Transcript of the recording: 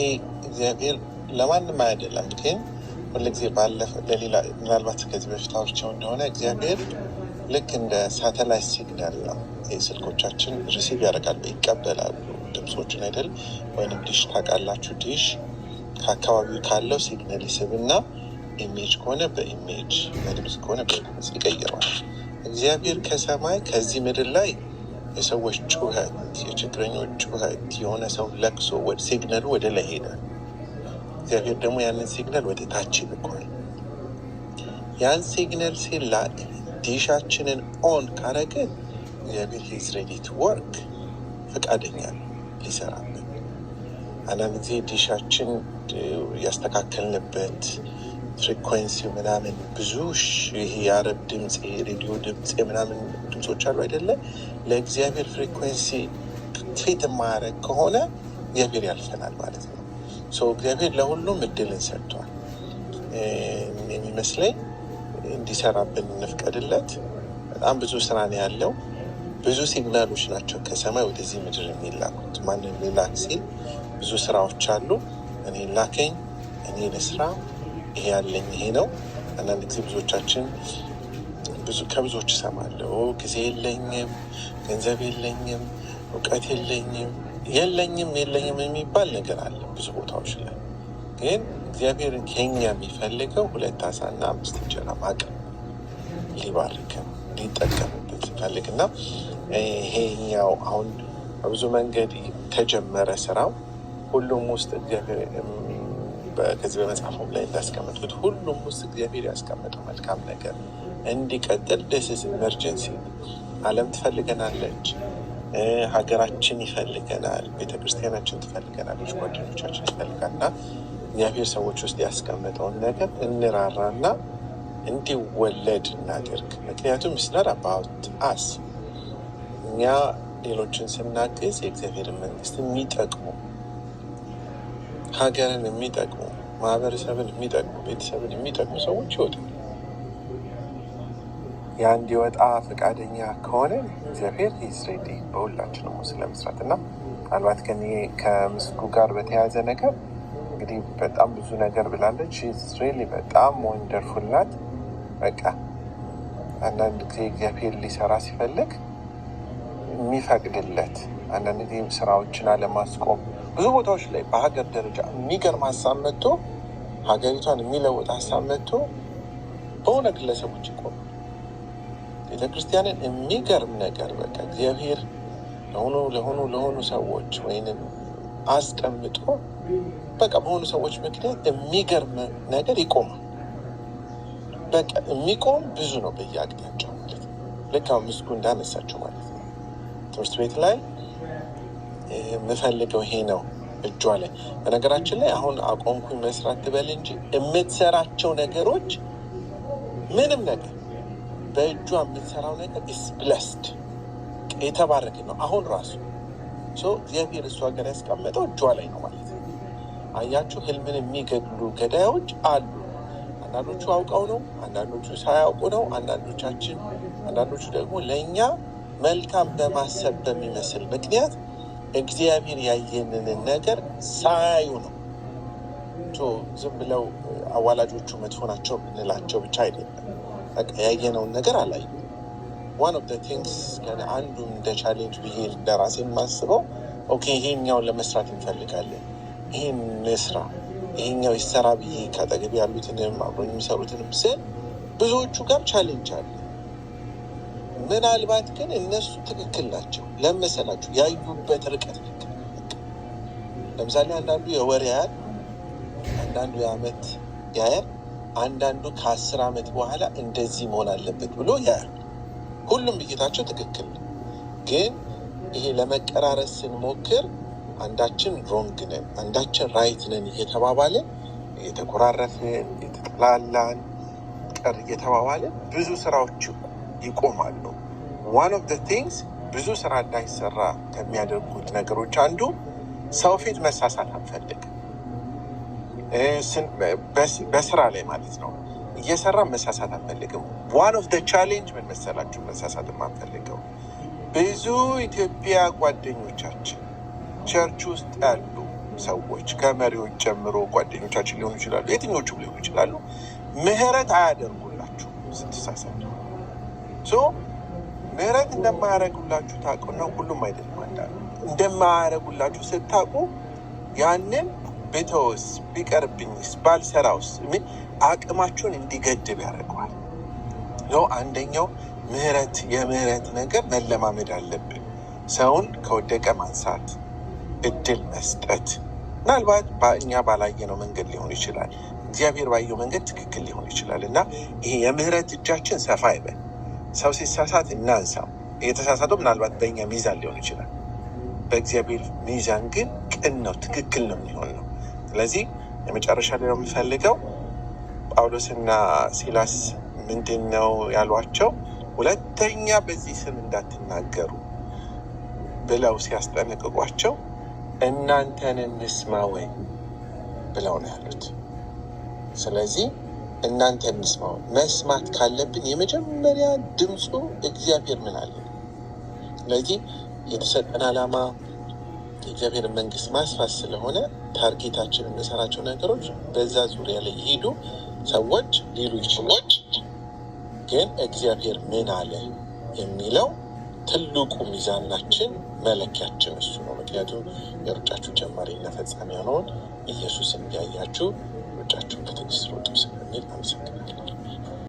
ይሄ እግዚአብሔር ለማንም አይደለም። ግን ሁልጊዜ ባለፈ ለሌላ ምናልባት ከዚህ በፊታዎቸው እንደሆነ እግዚአብሔር ልክ እንደ ሳተላይት ሲግናል ነው ስልኮቻችን ሪሲቭ ያደርጋሉ፣ ይቀበላሉ ድምፆችን አይደል? ወይም ዲሽ ታውቃላችሁ፣ ዲሽ ከአካባቢው ካለው ሲግናል ይስብ ይስብና ኢሜጅ ከሆነ በኢሜጅ በድምፅ ከሆነ በድምፅ ይቀይረዋል። እግዚአብሔር ከሰማይ ከዚህ ምድር ላይ የሰዎች ጩኸት፣ የችግረኞች ጩኸት፣ የሆነ ሰው ለቅሶ ወደ ሲግነሉ ወደ ላይ ሄዳል። እግዚአብሔር ደግሞ ያንን ሲግነል ወደ ታች ይልኳል። ያን ሲግነል ሲላክ ዲሻችንን ኦን ካረግን እግዚአብሔር ሂዝ ሬዲ ቱ ወርክ ፈቃደኛ ሊሰራበት አንዳንድ ጊዜ ዲሻችን ያስተካከልንበት ፍሪኮንሲ ምናምን ብዙ ይሄ የአረብ ድምፅ ሬዲዮ ድምፅ ምናምን ድምፆች አሉ አይደለ? ለእግዚአብሔር ፍሪኮንሲ ፊት የማያደርግ ከሆነ እግዚአብሔር ያልፈናል ማለት ነው። እግዚአብሔር ለሁሉም እድልን ሰጥቷል የሚመስለኝ። እንዲሰራብን እንፍቀድለት። በጣም ብዙ ስራ ነው ያለው። ብዙ ሲግናሎች ናቸው ከሰማይ ወደዚህ ምድር የሚላኩት። ማንም ሊላክ ሲል ብዙ ስራዎች አሉ። እኔ ላከኝ፣ እኔ ለስራ ይሄ ያለኝ ይሄ ነው። አንዳንድ ጊዜ ብዙዎቻችን ብዙ ከብዙዎች እሰማለሁ ጊዜ የለኝም፣ ገንዘብ የለኝም፣ እውቀት የለኝም የለኝም የለኝም የሚባል ነገር አለ ብዙ ቦታዎች ላይ። ግን እግዚአብሔር ከኛ የሚፈልገው ሁለት አሳና አምስት እንጀራ ማቅረብ ሊባርክም ሊጠቀምበት ይፈልግና ይሄኛው አሁን በብዙ መንገድ ተጀመረ ስራው ሁሉም ውስጥ እግዚአብሔር ከዚህ በመጽሐፉም ላይ እንዳስቀመጥኩት ሁሉም ውስጥ እግዚአብሔር ያስቀመጠው መልካም ነገር እንዲቀጥል ደስስ ኢመርጀንሲ ዓለም ትፈልገናለች። ሀገራችን ይፈልገናል። ቤተክርስቲያናችን ትፈልገናለች። ጓደኞቻችን ይፈልጋል እና እግዚአብሔር ሰዎች ውስጥ ያስቀመጠውን ነገር እንራራና እንዲወለድ እናደርግ። ምክንያቱም ስነር አባውት አስ እኛ ሌሎችን ስናግዝ የእግዚአብሔር መንግስት የሚጠቅሙ ሀገርን የሚጠቅሙ ማህበረሰብን የሚጠቅሙ ቤተሰብን የሚጠቅሙ ሰዎች ይወጣል። ያ እንዲወጣ ፈቃደኛ ከሆነ እግዚአብሔር ስሬዲ በሁላችን ነው ስለመስራት እና ምናልባት ከምስጉ ጋር በተያያዘ ነገር እንግዲህ በጣም ብዙ ነገር ብላለች። ስሬሊ በጣም ወንደርፉል ናት። በቃ አንዳንድ ጊዜ እግዚአብሔር ሊሰራ ሲፈልግ የሚፈቅድለት አንዳንድ ጊዜ ስራዎችን አለማስቆም ብዙ ቦታዎች ላይ በሀገር ደረጃ የሚገርም ሀሳብ መጥቶ ሀገሪቷን የሚለውጥ ሀሳብ መጥቶ በሆነ ግለሰቦች ይቆም ቤተክርስቲያንን የሚገርም ነገር በቃ እግዚአብሔር ለሆኑ ለሆኑ ለሆኑ ሰዎች ወይንም አስቀምጦ በቃ በሆኑ ሰዎች ምክንያት የሚገርም ነገር ይቆማል። በቃ የሚቆም ብዙ ነው በየአቅጣጫው ማለት ነው። ልክ አሁን ምስጉ እንዳነሳቸው ማለት ነው። ትምህርት ቤት ላይ የምፈልገው ይሄ ነው እጇ ላይ። በነገራችን ላይ አሁን አቆምኩኝ መስራት ትበል እንጂ የምትሰራቸው ነገሮች ምንም ነገር በእጇ የምትሰራው ነገር ኢስ ብለስድ የተባረከ ነው። አሁን ራሱ እግዚአብሔር እሱ ሀገር ያስቀመጠው እጇ ላይ ነው ማለት ነው። አያችሁ፣ ህልምን የሚገድሉ ገዳዮች አሉ። አንዳንዶቹ አውቀው ነው፣ አንዳንዶቹ ሳያውቁ ነው። አንዳንዶቻችን አንዳንዶቹ ደግሞ ለእኛ መልካም በማሰብ በሚመስል ምክንያት እግዚአብሔር ያየንን ነገር ሳያዩ ነው። ዝም ብለው አዋላጆቹ መጥፎ ናቸው የምንላቸው ብቻ አይደለም። በቃ ያየነውን ነገር አላዩ ዋን ኦፍ ቲንግስ አንዱ እንደ ቻሌንጅ ብዬ እንደራሴ የማስበው ኦኬ፣ ይሄኛው ለመስራት እንፈልጋለን፣ ይሄን ስራ ይሄኛው ይሰራ ብዬ ከጠገብ ያሉትን አብሮ የሚሰሩትንም ስል ብዙዎቹ ጋር ቻሌንጅ አለ። ምናልባት ግን እነሱ ትክክል ናቸው። ለመሰላቸው ያዩበት ርቀት ለምሳሌ አንዳንዱ የወር ያህል፣ አንዳንዱ የአመት ያያል፣ አንዳንዱ ከአስር ዓመት በኋላ እንደዚህ መሆን አለበት ብሎ ያያል። ሁሉም ብይታቸው ትክክል ነው። ግን ይሄ ለመቀራረስ ስንሞክር አንዳችን ሮንግ ነን፣ አንዳችን ራይት ነን እየተባባለ እየተኮራረፍን፣ እየተጠላላን ቀር እየተባባለ ብዙ ስራዎች እኮ ይቆማሉ። ዋን ኦፍ ቲንግስ ብዙ ስራ እንዳይሰራ ከሚያደርጉት ነገሮች አንዱ ሰው ፊት መሳሳት አንፈልግ፣ በስራ ላይ ማለት ነው። እየሰራ መሳሳት አንፈልግም። ዋን ኦፍ ቻሌንጅ ምን መሰላችሁ? መሳሳት አንፈልገው። ብዙ ኢትዮጵያ ጓደኞቻችን ቸርች ውስጥ ያሉ ሰዎች ከመሪዎች ጀምሮ ጓደኞቻችን ሊሆኑ ይችላሉ፣ የትኞቹም ሊሆኑ ይችላሉ። ምህረት አያደርጉላችሁ ስትሳሳቱ ምህረት እንደማያደርጉላችሁ ታውቁ ነው። ሁሉም አይደለም፣ አንዳንዱ እንደማያደርጉላችሁ ስታውቁ ያንን ብተውስ፣ ቢቀርብኝስ፣ ባልሰራውስ የሚል አቅማችሁን እንዲገድብ ያደርገዋል። ነው አንደኛው ምህረት የምህረት ነገር መለማመድ አለብን። ሰውን ከወደቀ ማንሳት፣ እድል መስጠት ምናልባት እኛ ባላየነው መንገድ ሊሆን ይችላል። እግዚአብሔር ባየው መንገድ ትክክል ሊሆን ይችላል እና ይሄ የምህረት እጃችን ሰፋ ይበል። ሰው ሲሳሳት እናንሳው። የተሳሳተው ምናልባት በእኛ ሚዛን ሊሆን ይችላል። በእግዚአብሔር ሚዛን ግን ቅን ነው፣ ትክክል ነው የሚሆን ነው። ስለዚህ የመጨረሻ ላይ የምፈልገው ጳውሎስና ሲላስ ምንድን ነው ያሏቸው? ሁለተኛ በዚህ ስም እንዳትናገሩ ብለው ሲያስጠነቅቋቸው እናንተን እንስማ ወይ ብለው ነው ያሉት። ስለዚህ እናንተ እንስማው። መስማት ካለብን የመጀመሪያ ድምፁ እግዚአብሔር ምን አለ። ስለዚህ የተሰጠን ዓላማ የእግዚአብሔር መንግስት ማስፋት ስለሆነ ታርጌታችን የምንሰራቸው ነገሮች በዛ ዙሪያ ላይ ይሄዱ። ሰዎች ሊሉ ሰዎች ግን እግዚአብሔር ምን አለ የሚለው ትልቁ ሚዛናችን መለኪያችን እሱ ነው። ምክንያቱም የሩጫችሁ ጀማሪና ፈጻሚ የሆነውን ኢየሱስ እንዲያያችሁ I for not what to say, and